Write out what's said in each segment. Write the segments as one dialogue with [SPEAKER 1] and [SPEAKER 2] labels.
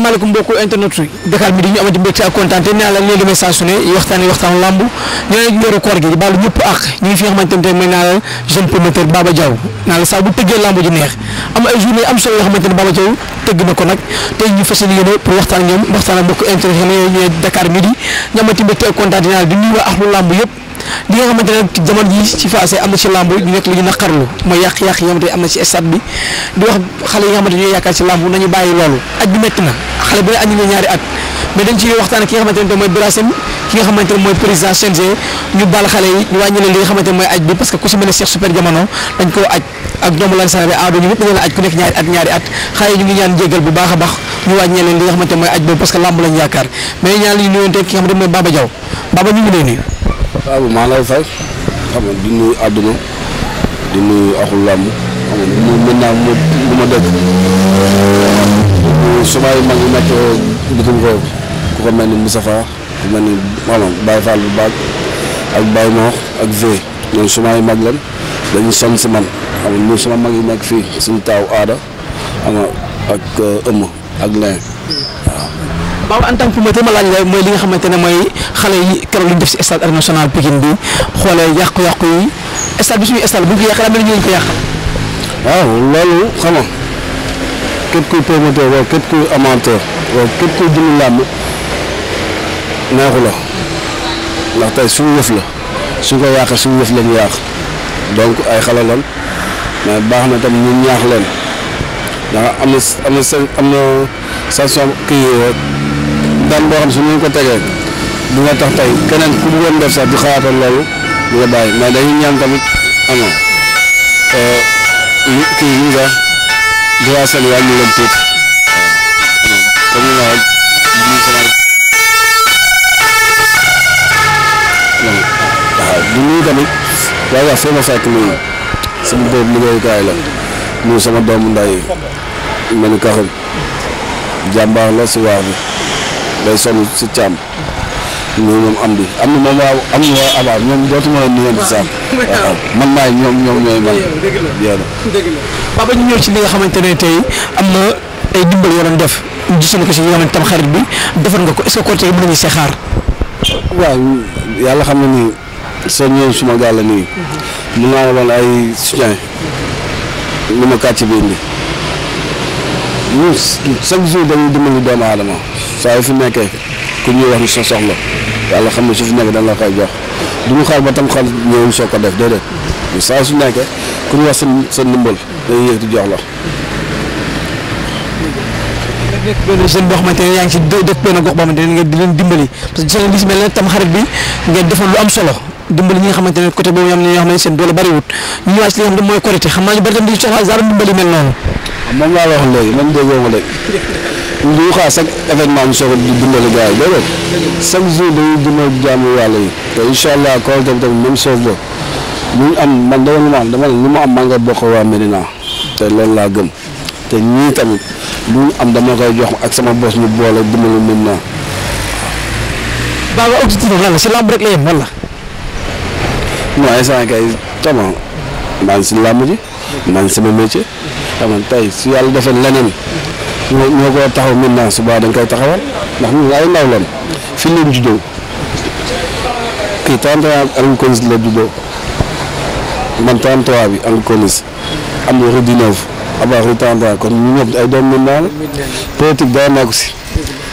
[SPEAKER 1] asalaamaaleykum mbokku internet Dakar Midi ñu amati mbégte ak kontaan naa la léegi may saa su waxtaan waxtaan lamb ñu amati mbégte ak kontaan naa la di nuyuwaat ak lu lamb yëpp. li nga xamante ne nekk lu ñu naqarlu mooy yàq-yàq yi nga xamante nañu nekk ñaari at ñaari at xale ñu ngi ñaan jéggal bu baax a baax ñu wàññi leen li
[SPEAKER 2] waaw maa lay fay xam nga di àdduna di nuyu làmb xam nga naa mu mu ma dëkk suma mag yi nekk bitim réew ku ko mel ni Moustapha ku mel ni maanaam Baye Fall bu baax ak Baye Noox ak V ñoom suma yi mag lan dañu sonn si man xam nga ñu suma mag yi nekk fii suñu taaw aada xam nga ak ëmm euh, ak leen
[SPEAKER 1] waaw en tant que promoteur ma laaj la mooy li nga xamante ne mooy xale yi keroog li ñu def si stade national Pikine bi xoolee yàqu-yàqu yi stade bi suñu stade bu ñu ko yàq daa mel ni ñu ko yàq. waaw loolu xam
[SPEAKER 2] la ndax tey suñu yëf la suñ ko yàqee suñu yëf la ñu yàq donc ay xale lan mais baax na tam ñu ñaax leen ndax am na am na seen kii. daan boo xam su ñu ko tegee du nga tax tey keneen ku bëggoon def sax du xalaatoon loolu du nga bàyyi mais dañuy ñaan tamit ama li euh, kii yi nii sama boobu liggéeyukaay la nuyu sama la si waax bi day sonn si caam. loolu moom am di am na moom waaw am na waaw abaar waaw man maay ñoom ñoom ñooy man. dëgg la
[SPEAKER 1] dëgg ñu ñëw ci li nga xamante ne tey am na ay dimbal yoo doon def ko si bi defar nga ko est
[SPEAKER 2] ce que yàlla xam na ni soo ñëwee suma gaal la nii. mun mm-hmm. naa woon ay soutien. lu ma kàcc bi indi. ñun chaque jour dañuy dimbali doomu aadama. saa yu fi nekkee ku ñuy wax ni sa soxla yàlla xam ne su fi nekkee dañ la koy jox du ñu xaar ba tam xaalis ñëwul soo ko def déedéet mais saa su nekkee ku ñu wax seen seen ndimbal dañuy yëg di jox la.
[SPEAKER 1] nekk benn jeune boo xamante ne yaa ngi ci dëkk benn gox boo xamante ne nga di leen dimbali parce que seen li ne tam bi nga lu am solo dimbali ñi nga xamante ne côté boobu ñoom ñoo ne seen doole bariwut ñu ñëwaat si li nga xam ne mooy korité xam naa ñu bari tam di soxla genre dimbali mel noonu. Ah, moom laa la wax léegi man du xaar chaque événement ñu soog a dundal gars yi déedéet
[SPEAKER 2] chaque jour dañuy dundal jaamu yàlla yi te incha allah koor dem man dama lu lu ma am laa gëm ñii tamit lu am dama koy jox ak sama bos ñu boole dundalu Medina.
[SPEAKER 1] baa nga objectif lan la si lamb rek la yem
[SPEAKER 2] si lamb ji maa sama métier xam nga tey yàlla defee leneen. ñoo ñoo ko taxaw maintenant suba dañ koy taxawal ndax ñun ay ndaw lañ fi leen juddoo kii 31 ak Alcoolis la juddoo man 33 bi Alcoolis am na rue 19 abaa rue 31 kon ñu ñëpp ay doom maintenant la politique si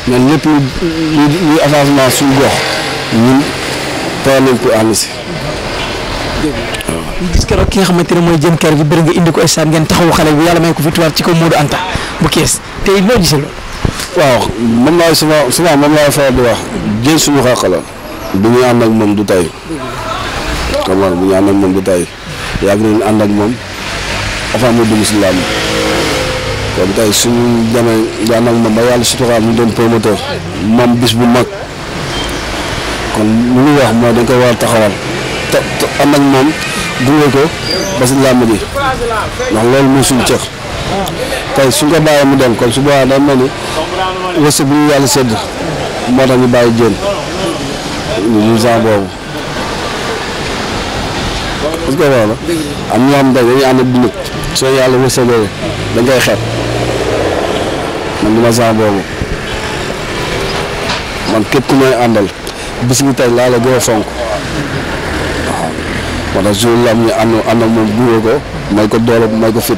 [SPEAKER 2] mais lépp lu lu avancement suñu gox ñun teel nañ ko ànd si.
[SPEAKER 1] ñu gis keroog ki nga xamante ne mooy jën kër gi bëri nga indi ko stade ngeen taxawu xale bi yàlla may ko victoire ci kaw Modou Anta bu kees. te it noo gisee loolu.
[SPEAKER 2] waaw moom laay souvent souvent moom laay faral di wax jël suñu xàq la bu ñu ànd ak moom du tay xam nga bu ñu ànd ak moom du tay ànd ak moom avant mu dugg si làmb kon tey suñu demee ànd ak moom ba yàlla suturaal ñu doon promoteur moom bis bu mag kon lu ñuy wax mooy dañ koy war a taxawal te ànd ak moom gunge ko ba si làmb ji ndax loolu mooy suñu cër. tey su nga bàyyi mu dem kon su boobaa day mel ni wërsëg bu ñu yàlla sedd moo tax ñu bàyyi jën ñu genre boobu parce que loolu am ñoo xam ne dañuy ànd ak nit soo yàlla wërsëgee da ngay xeeb man duma genre boobu man képp ku may àndal bis ñi tey laa la gën a fonk waaw moo tax jour ñu ànd moom buuree ko may ko doole may ko fit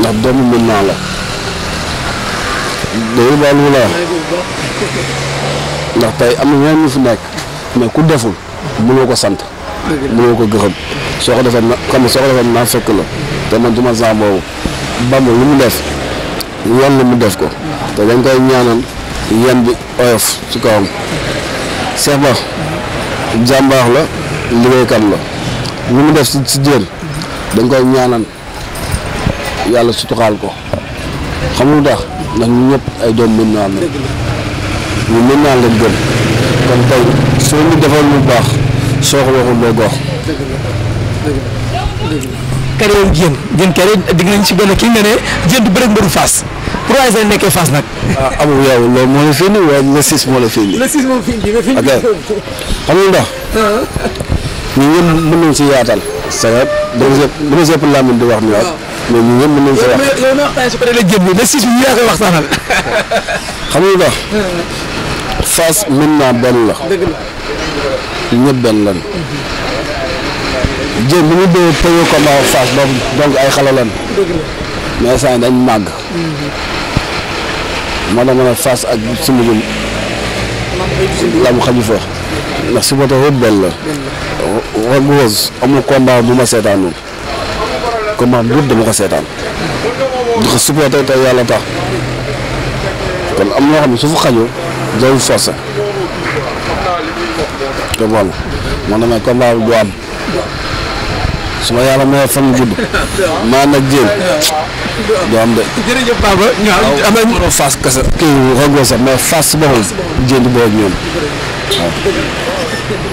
[SPEAKER 2] ndax doomu mën naa la dañuy baal wu la ndax tey am na ñeneen ñu fi nekk mais ku deful mënoo ko sant mënoo ko gërëm soo ko defee na xam ne soo ko defee naa fekk la te man duma saa boobu Bamba lu mu def yoon la mu def ko te dañ koy ñaanal yem bi oyof ci kawam Cheikh Ba jàmbaax la liggéeykat la lu mu def si si jër dañ koy ñaanal yàlla sutuxaal ko xam nga lu tax ndax ñun ñëpp ay doom mën naa la ñu mën naa leen gën kon tey soo ñu defal lu baax soo ko waxul loo gox.
[SPEAKER 1] Karéem Diène Diène digg dig nañ si benn kii nga ne Diène du bëreeg mbëru Fass pourquoi sa nekkee Fass nag. ah amul yow loolu moo la fii nii waaye le six moo la fii nii. le six moom fii nii nga fii nii. ok ah. mën
[SPEAKER 2] nañ si yaatal. c'est vrai dama sepp dama sepp laa mën di wax ni waaw. Ah. mais ñun ñëpp mën nañu ko yow
[SPEAKER 1] na la jëm ba waxtaanal.
[SPEAKER 2] xam nga ndax. naa benn la. dëgg la ñëpp benn lan. jëm ñu dee premier combat donc ay xale lan. dëgg dañ màgg. ma ne Fass ak suñu jëm. la mu xaju fa. ndax su ma toog yëpp benn la. rog rose bu ma seetaanoon. combat bi dama ko seetaan di ko supporté te yàlla tax kon am na loo xam su fa xajoo doo forcé te bon man damay combat bi du am su may fan gudd maa nag de. am nañu. fas kese kii rek sax mais fas boppam jéem di boog ñoom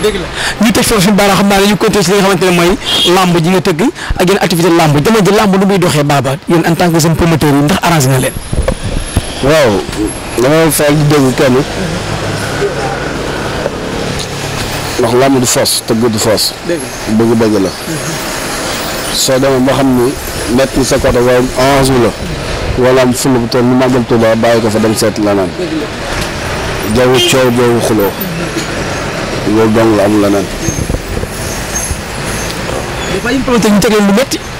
[SPEAKER 1] dëgg la ñu tëj foofu suñu baara xam naa ñu continuer si li nga xamante ne mooy lamb ji nga tëgg ak yéen activité lamb dama ji lu muy doxee baaba yéen en tant que seen promoteur yi ndax arrangé na leen
[SPEAKER 2] waaw ndax lamb du foos tëgg du foos bëgg-bëgg la soo demee boo xam ni metti sa côté waaye enjeu la wala am fulu bu toll ni màggal Tuuba bàyyi ko fa dem seet leneen jaww coow jaww xuloo mm-hmm. loolu dong la amul leneen.
[SPEAKER 1] des fois yi nga xamante ñu teg leen lu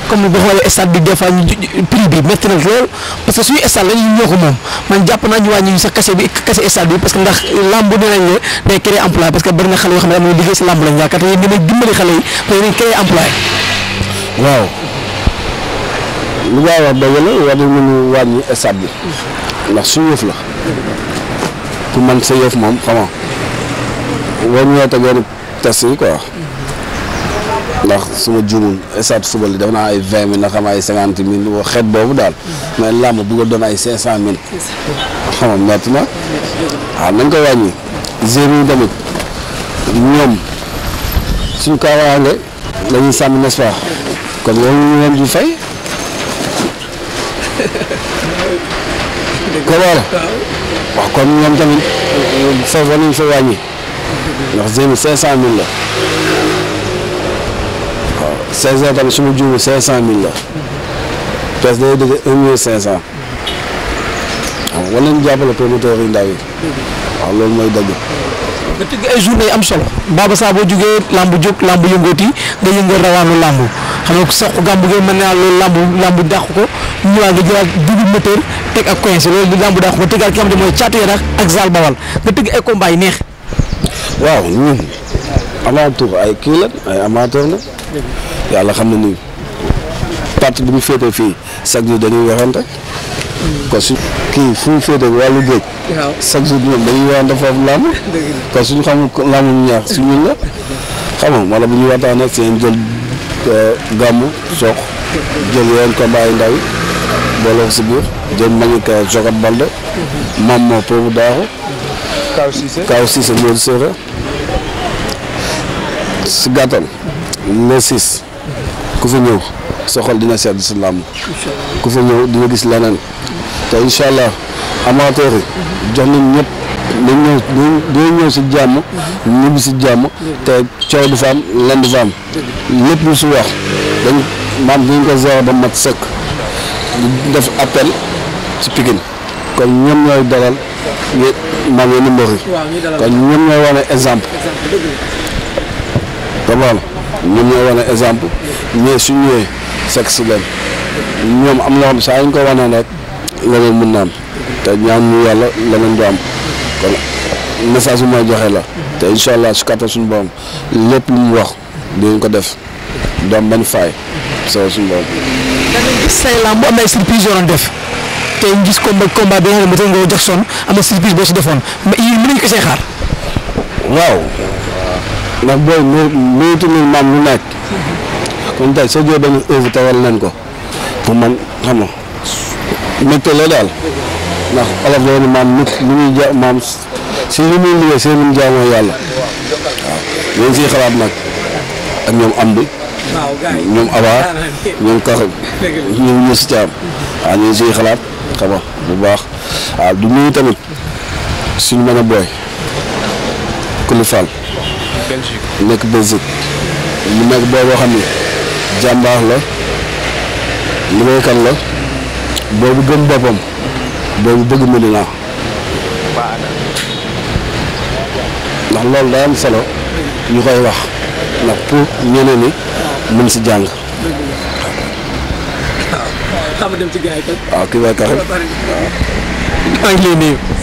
[SPEAKER 1] comme boo xoolee stade bi des fois ñu prix bi métti na lool que suñu stade la ñu ñoo ko moom man jàpp ñu wàññi sax kase bi kase stade bi que ndax lamb nee nañ ne day créer emploi parce que bëri na xale yoo xam ne am na liggéey si lamb lañ yaakaar ma wax
[SPEAKER 2] yëf la ku man sa yëf moom xam waññeet ak yenn test yi quoi. ndax su ma juumul esaat suba li def naa ay vingt mille na xam ay cinquante boobu daal. mais làmb bëggoon doon ay cinq cent mille. xam nga métti na. waaw nañ ko wàññi. zéro tamit ñoom suñu kaawaange la ñuy sàmm n'est-ce pas kon loolu fay. waaw kon ndax Zeyna 500000 la waaw César tamit su ma juumee 500000 la parce que day dégg 1 million 500 waaw war nañu jàppale promoteur yi ndaw loolu mooy
[SPEAKER 1] dëgg. nga tëgg ay journée am solo Baba Sa boo jógee lamb jóg lamb yëngooti nga yëngal rawaanu lamb xam nga sax gàmb gi mën naa loolu lamb lamb dàq ko ñëwaat nga jëlaat dugub moteur teg ak coince loolu lamb dàq ko tegaat ki xam ne mooy caatu yarax ak Zal Bawal nga tëgg ay combat neex.
[SPEAKER 2] waaw ñun avant tout ay kii la ay amateur la yàlla xam na ni parti bu ñu féetee fii chaque jour dañuy waxante kon su kii fu ñu féetee wàllu géej chaque jour ñoom dañuy waxante foofu làmb kon suñu xamul làmb ñu ñaar su ñun la xam nga bu ñuy waxtaan nag seen jël euh, gàmmu sox jël yeneen combat yu ndaw yi booloo si biir jël mañu ka jogat balde maam moo daaxu kaw Cissé kaw Cissé Modou si gàttal le six ku fa ñëw sa dina sedd si làmb ku fa ñëw dina gis leneen te incha allah amateur yi jox nañ ñëpp dañ ñëw si jàmm ñibbi si jàmm te coow du fa lenn du fa am lépp lu si wax dañ maam dañ ko zéro ba mat sëkk di def appel si Pikine kon ñoom ñooy dalal maam yéen mbër yi kon ñoom ñooy wane exemple te loolu ñoom ñoo wane exemple ñee su ñëwee sexe leen ñoom am loo xam saa ñu ko wanee rek leneen mun na am te ñaan ñu yàlla leneen du am kon message bu may joxe la te incha allah su kattan suñu borom lépp mu wax dinañ ko def du am benn faay soo suñu borom.
[SPEAKER 1] danañ gis say lamb bu am ay surprise yoo doon te gis combat combat bi nga xam ne moom itam nga am na surprise boo si defoon mais yii xaar.
[SPEAKER 2] waaw. ndax booy méritu nañ maam lu nekk kon tey soo jëlee benn œuvre tawal nañ ko pour man xam nga la daal ndax olof day ne maam nit lu muy maam si muy jaamoo yàlla waaw yéen siy xalaat nag ak ñoom am bi ñoom xalaat xam bu baax waaw du nuyu tamit suñ mën a booy ku faal Belgique. nekk Belgique mu nekk booboo xam ne jàmbaar la liggéeykat la boobu gëm boppam boobu bëgg Medina ndax loolu day am solo ñu koy wax ndax pour ñeneen ñi mën si jàng. waaw ci gars ah,
[SPEAKER 3] kii waaye kat waaw.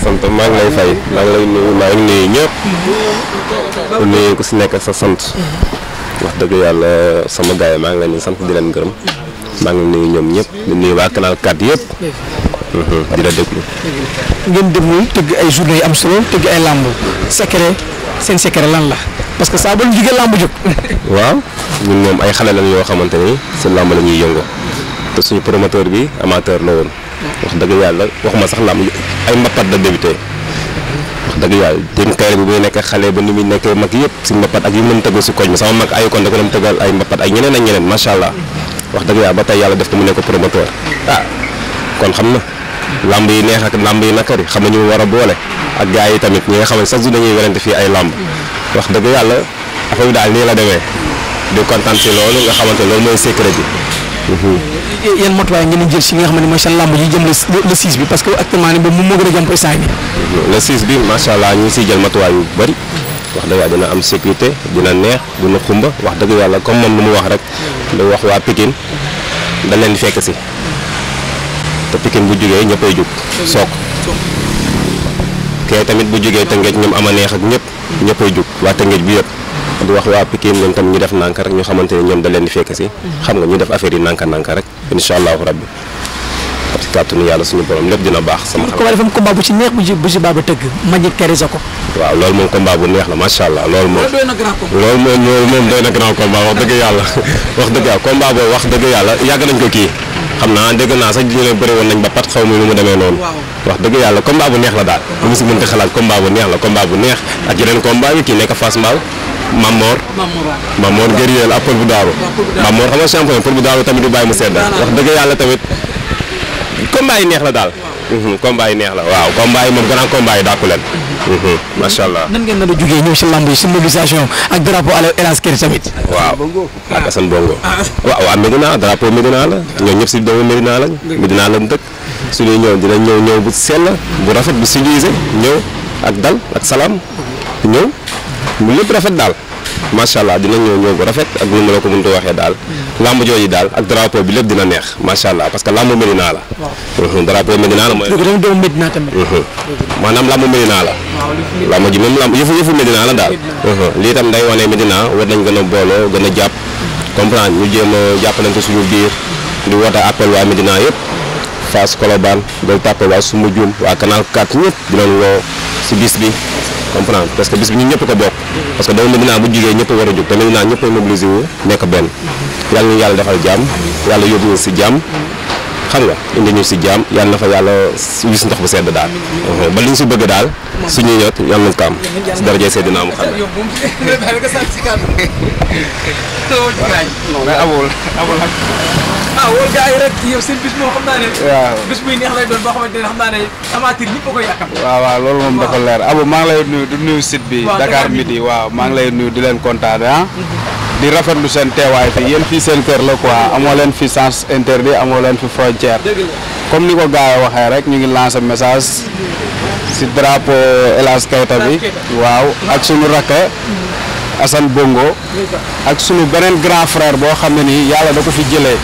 [SPEAKER 3] sant maa ngi lay fay maa ngi lay nuyu maa ngi nuyu ñëpp mm-hmm. ku nuyu ku si nekk sa sant mm-hmm. wax dëgg yàlla sama gars yi maa ngi leen di sant di leen gërëm mm-hmm. maa ngi nuyu ñoom ñëpp di nuyu waa canal 4 yëpp di la déglu.
[SPEAKER 1] ngeen demul tëgg ay journée yu am solo tëgg ay làmb secret seen secret lan la parce que saa ba ñu làmb jóg.
[SPEAKER 3] waaw ñun moom ay xale lañ yoo xamante ni si làmb la ñuy yëngu. te suñu promoteur bi amateur la woon. wax dëgg yàlla waxuma sax lam ay mbapat da débuté. wax dëgg yàlla jëm kayre bi muy nekk xale ba ni muy nekkee mag yëpp si mbapat ak yu mën tëgg si koñ bi sama mag ayu kon da ko dem tëggal ay mbapat ay ñeneen ak ñeneen macha allah. wax dëgg yàlla ba tey yàlla def ko mu nekk promoteur ah kon xam na. lamb yi neex ak lamb yi nakari xam nañu war a boole ak gars yi tamit ñi nga xam ne sax du dañuy werante fii ay lamb wax dëgg yàlla affaire bi daal nii la demee di kontaan si loolu nga xamante loolu mooy secret bi mhm.
[SPEAKER 1] yan matuwaay ngeen di jël nga xam ne mooy seen làmb yi jëm bi parce que actuellement nii moom moo gën a jàmp instant
[SPEAKER 3] bi. le macha allah ñu ngi siy jël matuwaay yu bëri. wax dëgg waa dina am sécurité dina neex dina xumba wax dëgg yàlla comme moom lu mu wax rek. wax waa Pikine dañ leen di fekk si. te Pikine bu jugee ñëppay jug. soog kay tamit bu jógee jugee Tëngéej am a neex ak ñëpp. ñëppay jug waa Tëngéej bi yëpp. di wax waa Pikine ñoom tam ñu def nànk rek ñu xamante ne ñoom da leen di fekk si. xam nga ñu def affaire yi nànka nànka rek. incha allahu rabbi parce lépp dina baax. sama xam
[SPEAKER 1] ko ba tëgg ma waaw
[SPEAKER 3] loolu moom combat bu neex la macha allah loolu moom. loolu doy na grand combat na grand combat wax dëgg yàlla wax dëgg yàlla combat wax dëgg yàlla yàgg nañ ko kii. xam naa dégg naa sax ñu ne bëri woon nañ ba pat xaw ma nu mu demee noonu wax dëgg yàlla combat bu neex la daal lu mu si mënti xalaat combat bu neex la combat bu neex ak yeneen combat yi kii nekk Fass Mbaw Mamor. Mamor Guerrier la ak Pël bu Daaru. Mamor xam nga champion Pël bu Daaru tamit du bàyyi mu sedd wax dëgg yàlla tamit combat yi neex la daal. Mhm, combat yi neex la waaw combat yi moom grand combat yi dàqu leen. Mhm. Mhm, macha allah. nan
[SPEAKER 1] ngeen nar a jugee si lamb yi si mobilisation ak drapeau Elhadj Kër tamit.
[SPEAKER 3] waaw ak Assane Bongo. Ah, ah. waaw waaw Medina drapeau Medina la ñoom ñëpp si doomu Medina lañ. la lañ dëkk su ñuy ñëw dinañ ñëw ñëw bu sell bu rafet bu civilisé ñëw ak dal ak salaam ñëw. bu lépp rafet daal macha allah dina ñëw ñëw bu rafet ak nu ma la ko mënut a waxee daal. lamb jooju daal ak drapeau bi lépp dina neex macha allah parce que lamb Medina la. waaw drapeau Medina la mooy. dëgg la
[SPEAKER 1] doomu maanaam lamb Medina la. lamb ji moom lamb yëfu daal.
[SPEAKER 3] lii itam day wane Medina war nañ gën a booloo gën a jàpp. comprendre ñu jéem a jàppalante suñu biir. di woote waa Medina yëpp. Fass Colobane Gueule Tapée waa Soumbédioune waa Canal 4 ñëpp si bis bi. comprendre parce que bis bi ñu ñëpp ko bokk parce que doomu Medina bu jugee ñëpp war a jóg te Medina ñëpp a mobilisé wu nekk benn yàlla ñu yàlla defal jàmm yàlla yóbbu ñu si jàmm xam nga indi ñu si jaam yal na fa yàlla wis ndox bu sedd daal ba li ñu si bëgg daal suñu yot yal nañ ko si daraja Seydina
[SPEAKER 1] ah, seen bis moom xam naa ne. waaw bis boo koy yàqam.
[SPEAKER 2] waaw waaw loolu moom dafa leer Abou maa ngi lay nuyu du
[SPEAKER 3] nuyu site bi. Dakar Midi waaw maa ngi lay nuyu di leen kontaan ah. Mm-hmm. di rafetlu seen teewaay bi yéen fii seen kër la koi amoo leen fi sens interdit amoo leen fi frontière comme ni ko
[SPEAKER 2] gars yi waxee rek ñu ngi lancer message si drapeau El Hadj bi waaw ak sunu rakk assan bëngo ak sunu beneen grand frère boo xam ne nii yàlla da ko fi jëlee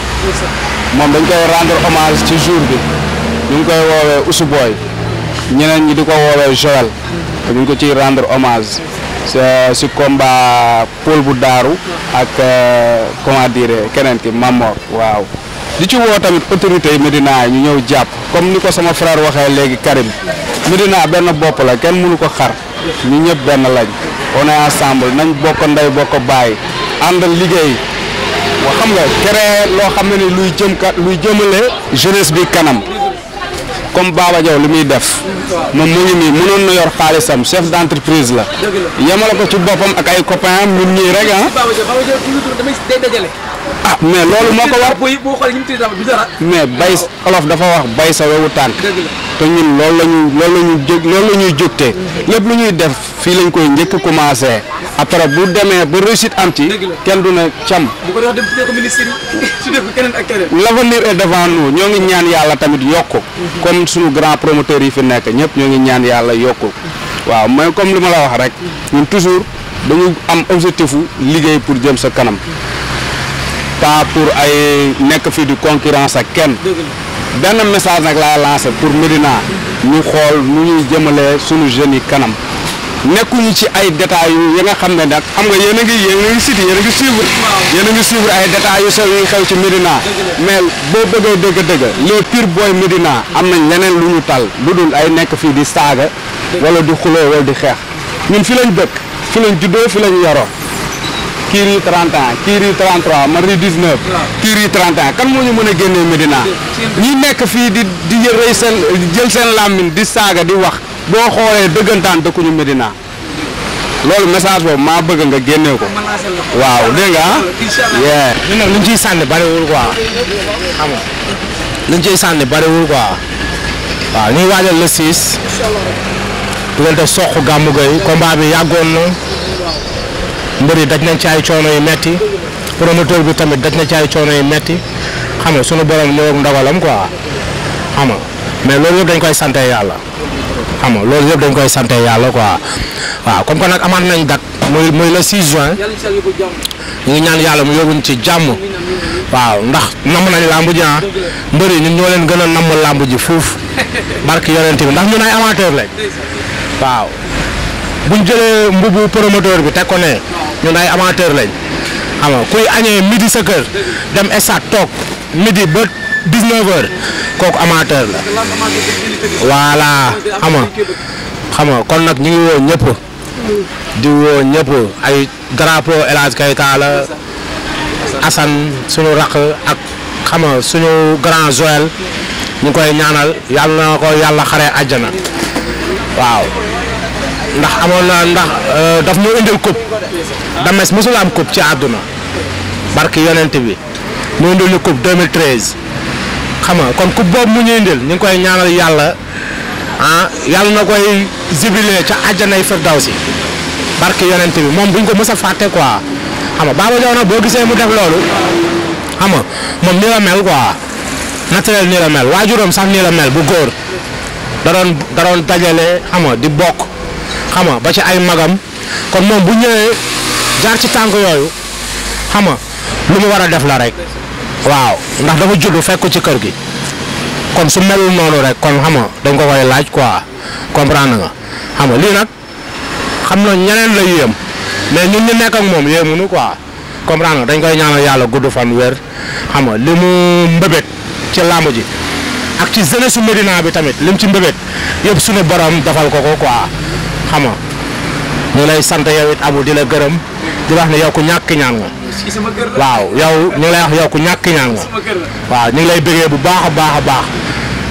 [SPEAKER 2] moom dañ koy rendre hommage ci jour bi ñu ngi koy woowee Usu Boy ñeneen ñi di ko woowee Joël ñu ko ciy rendre hommage. si euh, combat Paul bu daaru ak euh, comment dire keneen ki Mamor waaw di ci woo tamit autorités yi Medina ñu ñëw jàpp comme ni ko sama frère waxee léegi Karim Medina benn bopp la kenn mënu ko xar ñu ñëpp benn lañ on est ensemble nañ bokk ndey ko baay ànd liggéey wa xam nga loo xam ne ni luy jëm ka luy jëmale jeunesse bi kanam comme Baba Diaw li muy def moom mu ñu nii mënoon na yor xaalisam chef d' entreprise la yemale ko ci boppam ak ay copain am ñun ñii rek ah.
[SPEAKER 1] ah. mais loolu moo ko war mais bay
[SPEAKER 2] olof dafa wax bay sa wewu tànk. te ñun loolu la ñu loolu ñu jóg loolu la ñuy jógte lépp lu ñuy def fii lañ koy njëkk commencé après bu demee ba réussite am ci kenn du ne cam
[SPEAKER 1] l'avenir
[SPEAKER 2] est devant nous ñoo ngi ñaan yàlla tamit yokk mhm. comme suñu grand promoteur yi fi nekk ñëpp ñoo ngi ñaan yàlla yokk waaw mais comme li ma la wax rek ñun toujours dañu am objectif liggéey pour jëm sa kanam
[SPEAKER 4] pas pour ay nekk fii di concurrence ak kenn benn message nag laay lancé pour Médina ñu xool mu ñuy jëmalee suñu jeunes yi kanam
[SPEAKER 2] nekkuñu ci ay détails ya nga xam ne nag am nga yéen a ngi yéen yéen a ngi suivre a ngi suivre ay ci Médina mais boo bëggee dëgg-dëgg les am nañ leneen lu ñu tal lu dul ay nekk fii di saaga wala di xuloo wala di xeex ñun fi lañ dëkk fi lañ juddoo fi lañ yaroo kii rii 30 ans kii rii 33
[SPEAKER 4] man rii 19. kii yi 30 ans kan moo ñu mën a génnee Medina. ñu nekk fii di di jël seen jël seen làmmiñ di saaga di wax boo xoolee dëggantaan ñu Medina. loolu message boobu maa bëgg nga génnee ko. waaw dégg nga ah.
[SPEAKER 1] yeah. ñun nag luñ ciy
[SPEAKER 4] sànni bariwul quoi xam waaw ñu ciy la bariwul quoi waaw ñuy waajal le 6. diggante soq gàmmu gay combat bi yàggoon na. mbër yi daj nañ ci ay coono yu metti promoteur bi tamit daj nañ ci ay coono yu metti xam nga sunu borom ñëw ak ndogalam quoi xam nga mais loolu yëpp dañ koy sante yàlla xam nga loolu yëpp dañ koy sante yàlla quoi waaw comme que nag amaat nañ gat muy muy le 6 juin ñu ngi ñaan yàlla mu yóbbuñ ci jàmm waaw ndax nam nañ làmb ji ah mbër yi ñun ñoo leen gën a namm làmb ji fuuf barki yonent bi ndax ñun ay amateur lañ waaw. buñ jëlee mbubu promoteur bi teg ko ne ay amateur lañ xam nga kuy añee midi sa kër dem stade toog midi ba 19h kooku amateur la voilà xam nga xam nga kon nag ñu ngi woo ñëpp di woo ñëpp ay drapeau El Hadj Keita la Assane suñu rakk ak xam suñu grand Joël ñu koy ñaanal yàlla na ko yàlla xare àjjana waaw. ndax amoon na ndax euh, daf ñu indil coupe Dames mosul am coupe ci àdduna barke yonent bi mu indil ñu coupe 2013 xam nga kon coupe boobu mu ñu indil ñu ngi koy ñaanal yàlla ah yàlla na koy jubilé ca àjjanay firdawsi barke yonent bi moom buñ ko mës a fàtte quoi xam nga Baba Diaw nag boo gisee mu def loolu xam nga moom nii la mel quoi naturel nii la sax nii bu góor da doon dajale xam di bokk. xam nga ba ci ay magam kon moom bu ñëwee jaar ci tànk yooyu xam nga lu mu war a def la rek waaw ndax dafa judd fekk ci kër gi kon su melul noonu rek kon xam nga dañ ko koy laaj quoi comprendre nga xam nga lii nag xam na ñeneen la yéem mais ñun ñu nekk ak moom yéemunu quoi comprendre nga dañ koy ñaanal yàlla gudd fan wér xam nga li mu mbébét ci làmb ji ak ci jeunesse su Médina bi tamit lim ci mbébét yëpp suñu borom defal ko ko quoi. xama ñu lay sant yow it abu di la gërëm di wax ne yokk ñàkk ñaan nga waaw yow ñu ngi lay wax yow ñàkk ñaan nga waaw ñu ngi lay bëggee bu baax a baax a baax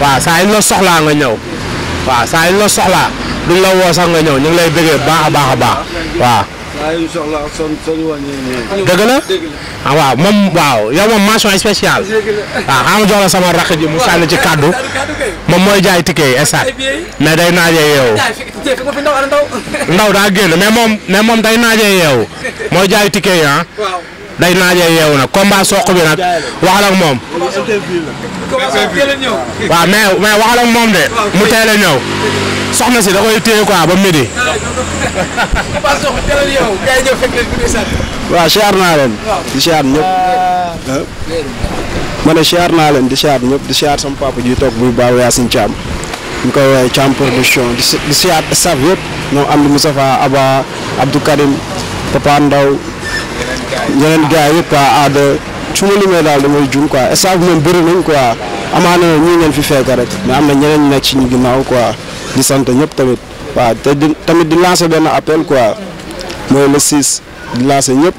[SPEAKER 4] waaw saa yu la soxlaa nga ñëw waaw saa yu la soxlaa duñ la woo sax nga ñëw ñu ngi lay bëggee bu baax a baax a baax waaw
[SPEAKER 2] dëgg la
[SPEAKER 4] ah waaw moom waaw yow moom mention spéciale waaw ah, xaaral jox la sama rakk ji mu sànni ci kaddu
[SPEAKER 1] moom mooy jaay ticket yi estat mais day naajee yeewu ndaw daa génn mais moom
[SPEAKER 4] mais moom day naajee yeewu mooy jaay ticket yi ah.
[SPEAKER 1] day naajee yeewu nag combat soq bi nag waxal moom. waaw mais
[SPEAKER 4] mais moom de mu teel a ñëw soxna si da koy téye quoi ba midi. waaw siyaar naa leen. di siyaar ñëpp. Ah. Ah.
[SPEAKER 2] ma ne siyaar naa leen di siyaar ñëpp di siyaar sama papa ji toog buy di si di siyaar staff yëpp ñoom Amady Moustapha Aba Abdou Karim yeneen gars yi quoi à ah, de su ma limee daal damay jum quoi staff bi moom bëri nañ quoi amaana ñii ngeen fi fekk rek mais am na ñeneen nekk ci ñu ginnaaw quoi di sant ñëpp tamit waaw te di tamit benn appel quoi mooy le 6 di lancer ñëpp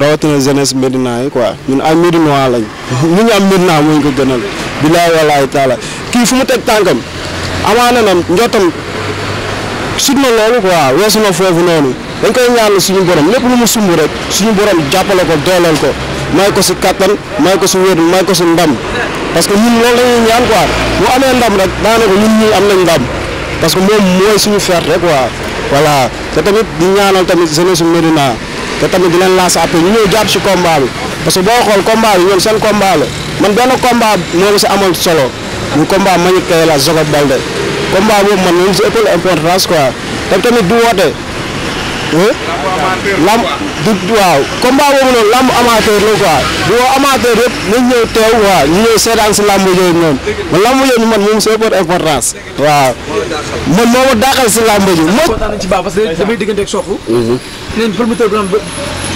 [SPEAKER 2] rawatina jeunesse Médina yi ñun ay Médinois lañ ñu am Médina moo ñu ko gënal bilaay walaay taala kii fu mu teg tànkam amaana nam njottam sut na loolu quoi weesu foofu noonu. dañ koy ñaanal suñu borom lépp lu mu sumb rek suñu borom jàppale ko dooleel ko may ko si kattan may ko si wér may ko si ndam parce que ñun loolu la ñuy ñaan quoi bu amee ndam rek daanaka ñun ñii am nañ ndam parce que moom mooy suñu ferte rek quoi voilà te tamit di ñaanal tamit jeunesse su Médina te tamit di leen lancer appel ñu ñëw jàpp si combat bi parce que boo xool combat ñoom seen combat man benn combat moo si amoon solo ñu combat Mbagnick Kaïré la Jacob Baldé combat boobu man moom si ëppal importance quoi
[SPEAKER 3] lamb
[SPEAKER 2] du waaw combat boobu noonu lamb amateur la quoi boo amateur yëpp nañ ñëw teew waaw ñu ñëw seetaan si lamb yooyu noonu man lamb yooyu man moom
[SPEAKER 1] c'est pas importance waaw man moo ma si lamb ji mo baax parce que damay diggante ak soxu mhm. bu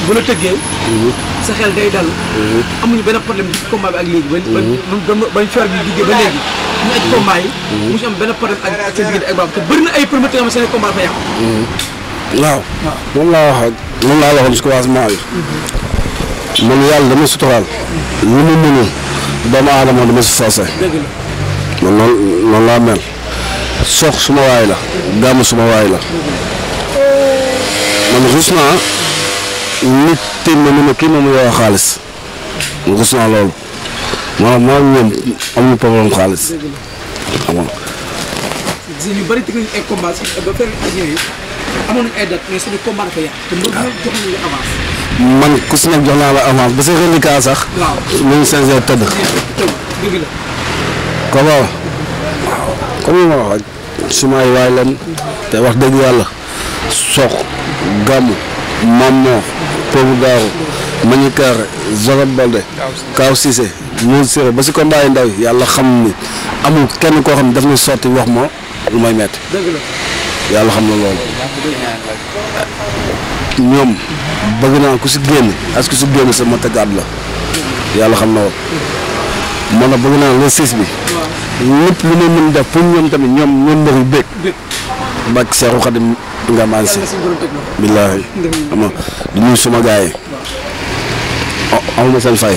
[SPEAKER 1] bu la tëggee mhm. sa xel day dal mhm. amuñu benn problème ci combat bi ak léegi ba bañ fer bi ba léegi ñu aj combat yi mu am benn problème ak seen diggante ak baax te bëri na ay promoteur am seen combat fa
[SPEAKER 2] yàqu waaw moom laa wax ak moom laa waxoon si commencement bi man yàlla dama suturaal ni mu mënul doomu aadama dama si forcé man noonu noonu laa mel sox suma waay la gàmm suma la man ma ne ma kii moom yow xaalis rus naa loolu maanaam maa ngi ñoom amuñu problème xaalis
[SPEAKER 1] amoon nañu ay jox nañu la
[SPEAKER 2] avance. man ku si nekk jox naa la avance ba sa reliquat sax. waaw ñu ngi sincère tëdd. dëgg la. comme waay lan te wax dëgg yàlla sox gàmm mammo poobu daaru mañikaar zorat balde kaaw sise mool séré ba si combat yi ndaw yàlla xam ni amul kenn koo xam ne daf na sotti wax ma lu may metti yàlla xam na loolu ñoom bëgg naa ko si génn as ku si génn sama tëggaat la yàlla xam na woon man na bëgg naa le six bi lépp lu may mën def pour ñoom tamit ñoom ñoom bëgg mbàkk Seexu Xadim nga maan si billaahi du nuyu suma gars amuma seen fay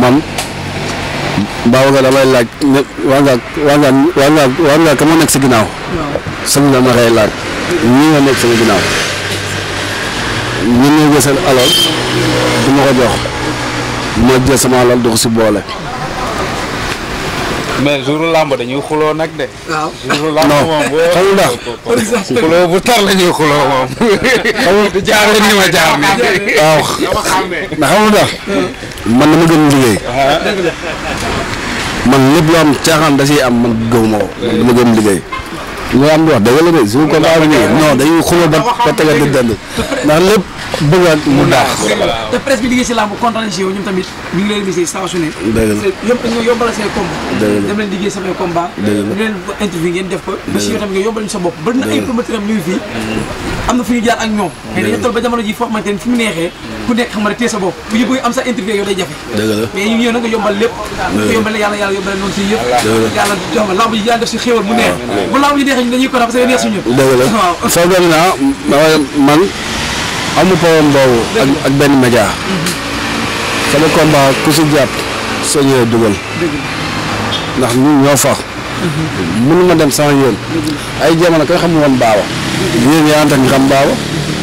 [SPEAKER 2] man Baaw nga damay laaj ne waa ngaa waa ngaa waa ngaa waa ngaa ka ma nekk sa ginnaaw. waaw sëñ bi ma koy nga nekk sama ginnaaw. ñu ñëw nga seen alal du ma jox ma jël si boole.
[SPEAKER 3] mais jour dañuy xuloo nag de. waaw jour làmb moom
[SPEAKER 4] boo. ma gën liggéey. Ah.
[SPEAKER 2] man lépp lu am caaxaan da siy am man gëw ma ko man dama gëm liggéey lu am lu wax dëgg la de su ko baax non dañuy xuloo ba ba tegal di dend ndax lépp bëggaat mu daax
[SPEAKER 1] te presse bi liggéey si làmb kontaan si yow ñoom tamit ñu ngi leen remercier saa su ne dëgg nga yombal sa bopp bari na ay promoteur am mm. ñuy ji foo xamante ne mu neexee ku nekk xam nga téye sa bopp bu ñu bëgg am sa interview yow day jafe mais ñu ñëw yombal lépp nga yàlla yàlla noonu si yëpp yàlla doxal ji yàlla def si xéwal mu neex bu lamb ji neexee ñu dañuy kontaan parce que neex suñu
[SPEAKER 2] waaw amu problème boobu. ak ak benn média. Mhm. sama combat ku si jàpp soo ñëwee dugal. ndax ñun ñoo fa.
[SPEAKER 1] Mhm.
[SPEAKER 2] mënu ma dem sama yoon. ay jamono kay xamu woon baawa. yéen yaa tax ñu xam baawa.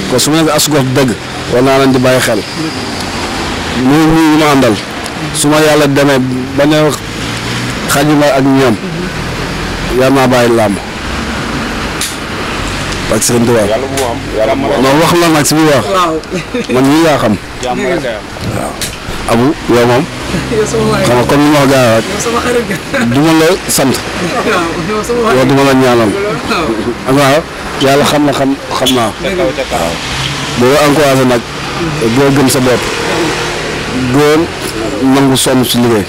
[SPEAKER 2] kon su ma nekk as dëgg. war naa leen di bàyyi xel. ñun ñii ma àndal. su ma yàlla demee bañ a xajuma ak ñoom. Mhm. yaa naa bàyyi làmb. ak sëriñ Tuubaa
[SPEAKER 1] wax la nag si bu baax man ñii yaa xam
[SPEAKER 2] abu yow moom xam nga comme ni ma wax sant
[SPEAKER 1] yow ma la ñaanal
[SPEAKER 2] yàlla xam na xam xam naa waaw boo encouragé nag boo gëm sa bopp gëm nangu sonn si liggéey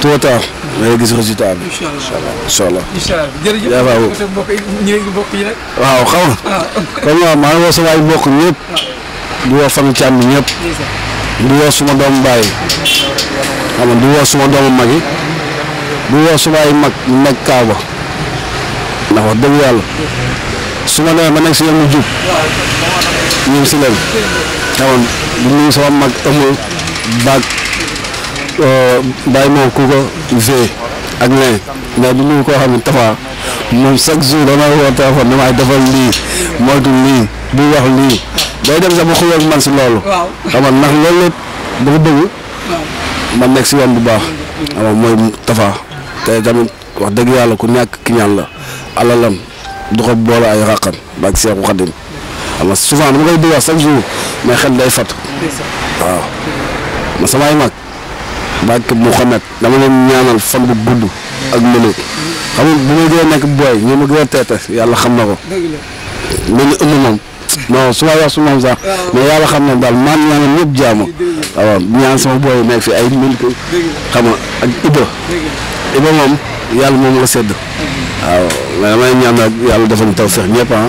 [SPEAKER 2] tout à ma gis résultat bi. incha allah incha allah.
[SPEAKER 1] waaw xam nga. Ah.
[SPEAKER 2] comme woo sama ay mbokk ñëpp. Ah. di woo famille Thiam bi ñëpp. woo suma doomu baay xam nga di woo suma doomu mag yi. di woo suma ay mag mag Kaaba. ndax wax dëgg yàlla. su ma nekk si ñoom ñu jub. ñu ngi si leen. xam nga di mag amul baag. Euh, bàyyi moom ku ko vee ak nee mais du ñu koo xam ne tafa moom chaque jour dama woo téléphone damay defal lii moytu lii bu wax nii day dem sama xulóog man si loolu. xam nga ndax loolu dafa bëgg. ma nekk si yoon bu baax. xam mm-hmm. nga mooy tafa te tamit wax dëgg yàlla ku ñàkk ki ñaan la alalam du ko boole ay raqam ak Seexu Xadim xam ma souvent dama koy dégg wax chaque jour mais xel day fat waaw ma samay mag. barke Mouhamed dama leen ñaanal fan bu gudd ak mëne xam nga bu ma gën a nekk booy ñu ma yàlla xam na ko mel ni ëmm moom non su ma su ma am yàlla xam na daal maa ngi ñaanal ñëpp jaama waaw ñaan sama booy nekk fi ay mën ko xam ak Iba Iba moom yàlla moom la sedd waaw mais damay ñaan nag yàlla defal ñu taw fex ñëpp ma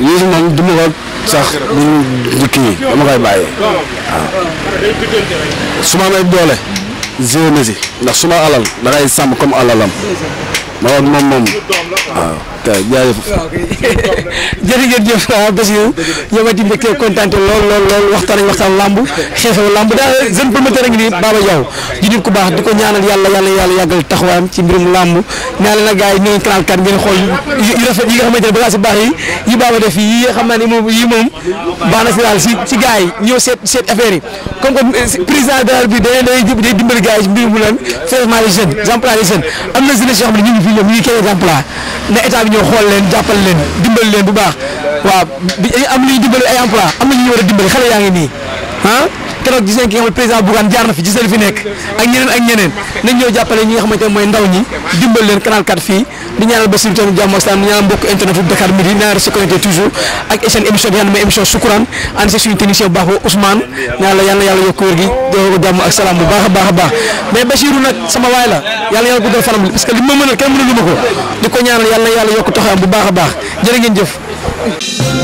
[SPEAKER 2] moom du ma ko sax bu ñu kii dama ma bàyyi waaw su ma amee doole gérer na si ndax su ma alal da ngay sàmm comme alalam ma woon moom moom waaw. waaw jaajëf ah,
[SPEAKER 1] jërëjëf waaw bés yu yow a di mbégte kontaan lool lool lool waxtaan ak waxtaan lamb xeexewu lamb daal eh, jeune promoteur a ngi nii Baba Diaw di nit ku baax di ko ñaanal yàlla yàlla yàlla yàggal taxawaayam ci mbirum lamb nee na gars yi ñooy 34 ngeen xool yu rafet yi nga xamante ne bagaas yu baax yi yi Baba def yi nga xam naa ne moom yi moom baax na si daal si si gars yi ñëw seet seet affaire yi comme que eh, président daal bi dañuy dañuy jëm day dimbali gars yi si mbirum lan financement des jeunes emploi des jeunes am na jeunesse yoo xam ne ñu ngi fi ñoom ñu ngi kenn emploi na état bi ñëw xool leen jàppal leen dimbal leen bu baax waaw bi am nañu dimbali ay emploi am nañu ñu war a dimbali xale yaa ngi nii ah keroog gis nañ ki nga xam président Bougane jaar na fi gisal fi nekk ak ñeneen ak ñeneen nañ ñoo jàppale ñi nga xamante mooy ndaw ñi dimbal leen canal fii di ñaanal Bassirou tamit jàmm ak toujours ak seen émission bi nga xam ne mooy émission Shukran ànd si baax ba Ousmane ñaan la yàlla yàlla yokk wér gi joxe ko jàmm ak salaam bu baax a baax a baax mais Bassirou nag sama waay la yàlla yàlla guddal fanam parce que li ma mënal kenn mënaluma a